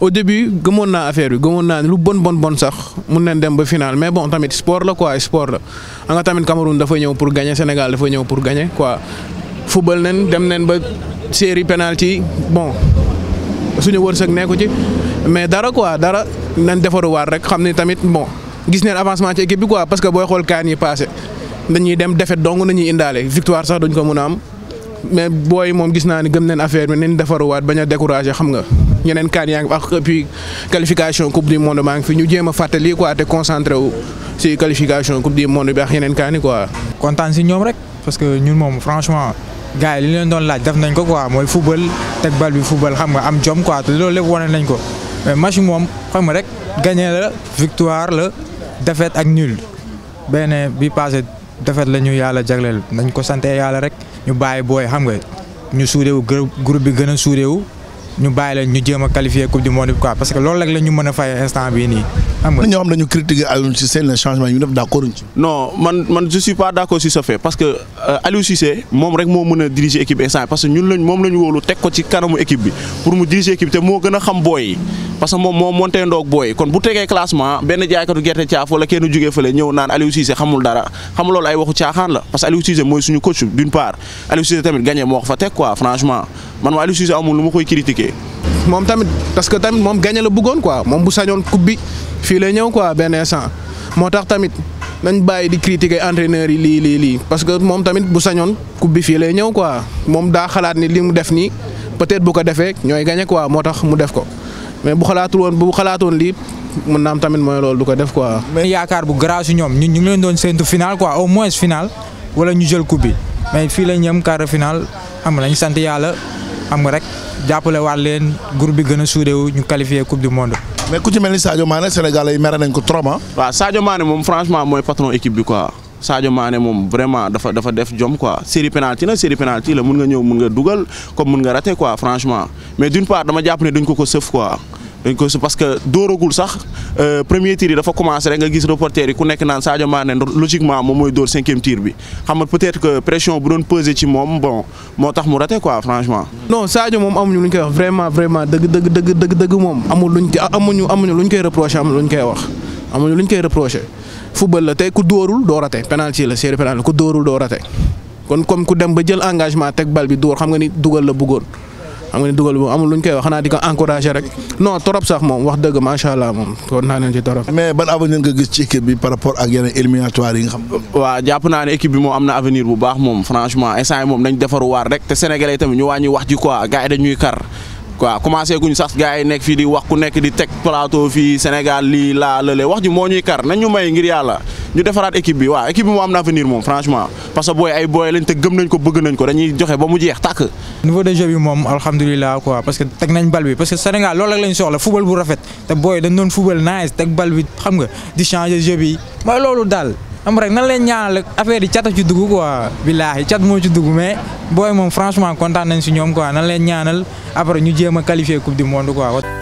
au début gëmoon naa affaire bi gëmoon naa lu bon bon bon sax mun nañ dem ba final mais bon tamit sport la quoi sport la xam nga tamit Cameroun dafa ñëw pour gagner Sénégal dafa ñëw pour gagner quoi football nañ dem nañ ba série penalty bon suñu wërsëg ko ci mais dara quoi dara nañ waar rek xam ni tamit bon gis neen avancement ci équipe bi quoi parce que booy xool kaan yi passé dañuy dem défaite dong nañuy indaale victoire sax dañ ko mën a am. mais booy moom gis naa ni gëm nañ affaire bi nañ defaruwaat bañ a découragé xam nga ñeneen kaan yaa ngi ak et puis qualification coupe du monde maa ngi fi ñu jéem a fàttali quoi te concentré wu si qualification coupe du monde bi ak yeneen kaan yi quoi. kontaan si ñoom rek parce que ñun moom franchement gars yi li leen doon laaj def nañ ko quoi mooy football teg bal bi football xam nga am jom quoi te loolu lépp wane nañ ko mais match moom xam nga rek gagné la victoire la défaite ak nul benn bi passé défaite la ñu yàlla jagleel nañ ko sant yàlla rek. ñu bàyyi booy xam nga ñu suureewu groupe bi gën a ñu bàyyi la ñu a qualifier coupe du monde bi quoi parce que loolu rek mën a fay instant bii nii. xam nga xam ne ñu critiquer Aliou Cissé le changement yi ñu def d' accord. non man man je pas d' accord sur ce Euh, Aliou Cissé moom rek moo mën a diriger équipe instant parce que ñun lañ moom la ñu wóolu teg ko ci kanamu équipe bi pour mu diriger équipe te moo gën a xam booy yi parce que moom moo monté ndoog booy kon bu tegee classement benn jaaykatu gerte caaf wala la parce que ko fa teg quoi franchement man ma Aliou moom tamit parce que tamit moom moom bu sañoon coupe bi fii lay ñëw quoi benn instant moo tax tamit. nañ bàyyi di critiquer entraîneur yi lii lii lii parce que moom tamit bu sañoon coupe bi fii lay ñëw quoi moom daa xalaat ni lii mu def nii peut-être bu ko defee ñooy gagné quoi moo tax mu def ko mais bu xalaatul woon bu xalaatoon lii mun naam tamit mooy loolu du ko def quoi. mais yaakaar bu garaaw si ñoom ñun ñu ngi leen doon séntu final quoi au moins final wala ñu jël coupe bi mais fii lañ ñëm quart de final am nañ sant yàlla am nga rek jàppale waat leen groupe bi gën a soudé wu ñu qualifié coupe du mais ku ci mel ni Sadio Mané sénégal yi mere nañ ko trop ah. waaw Sadio moom franchement mooy patron équipe bi quoi Sadio Mané moom vraiment dafa dafa def jom quoi série penalty na série penalty la mun nga ñëw mun nga dugal comme mun nga rater quoi franchement mais d'une part dama jàpp ne duñ ko ko sëf quoi. dañ ko parce que dóoragul sax euh, premier tir yi dafa commencé nga gis reporter yi ku nekk naan Sadio Mané logiquement moom mooy dóor cinquième tir bi xam nga peut-être que pression bu doon peser ci moom bon moo tax mu raté quoi franchement. moom amuñu luñ koy wax vraiment vraiment dëgg dëgg dëgg dëgg dëgg moom amul luñ amuñu amuñu luñ koy reproché amuñu luñ koy wax amuñu luñ koy reproché football la tey ku dóorul doo raté penalty la série penalty ku dóorul doo kon comme ku dem ba jël engagement teg bal bi dóor xam nga ni dugal la bëggoon. xam nga ne dugal boobu lu ñu koy wax xanaa di ko encouragé rek non trop sax moom wax dëgg macha allah moom kon naa leen ci trop. mais ban avenir nga gis ci équipe bi par rapport ak yeneen éliminatoires yi nga xam. waaw jàpp naa ne équipe bi moom am na avenir bu baax moom franchement instant yi moom dañ defaruwaat rek te sénégalais yi tamit ñu wàññi wax ji quoi gars yi dañuy kar waaw guñ sax gars yi nekk fii di wax ku nekk di teg plateau fii Sénégal lii laa lële wax ji moo ñuy kar nañ ñu may ngir yàlla ñu defaraat équipe bi waaw équipe bi moo am na avenir moom franchement parce que booy ay booy lañ te gëm nañ ko bëgg nañ ko dañuy joxe ba mu jeex tàkk. niveau de jeu moom alhamdulilah quoi parce que teg nañ bal bi parce que Sénégal loolu rek lañ soxla football bu rafet te booy dañ doon football nice teg bal bi xam nga di changer jeu mooy loolu daal. am rek nan leen ñaanal affaire yi cata ci dugg quoi billaahi cat moo ci dugg mais booy moom franchement kontaan nañ si ñoom quoi nan leen ñaanal après ñu jéem a qualifier coupe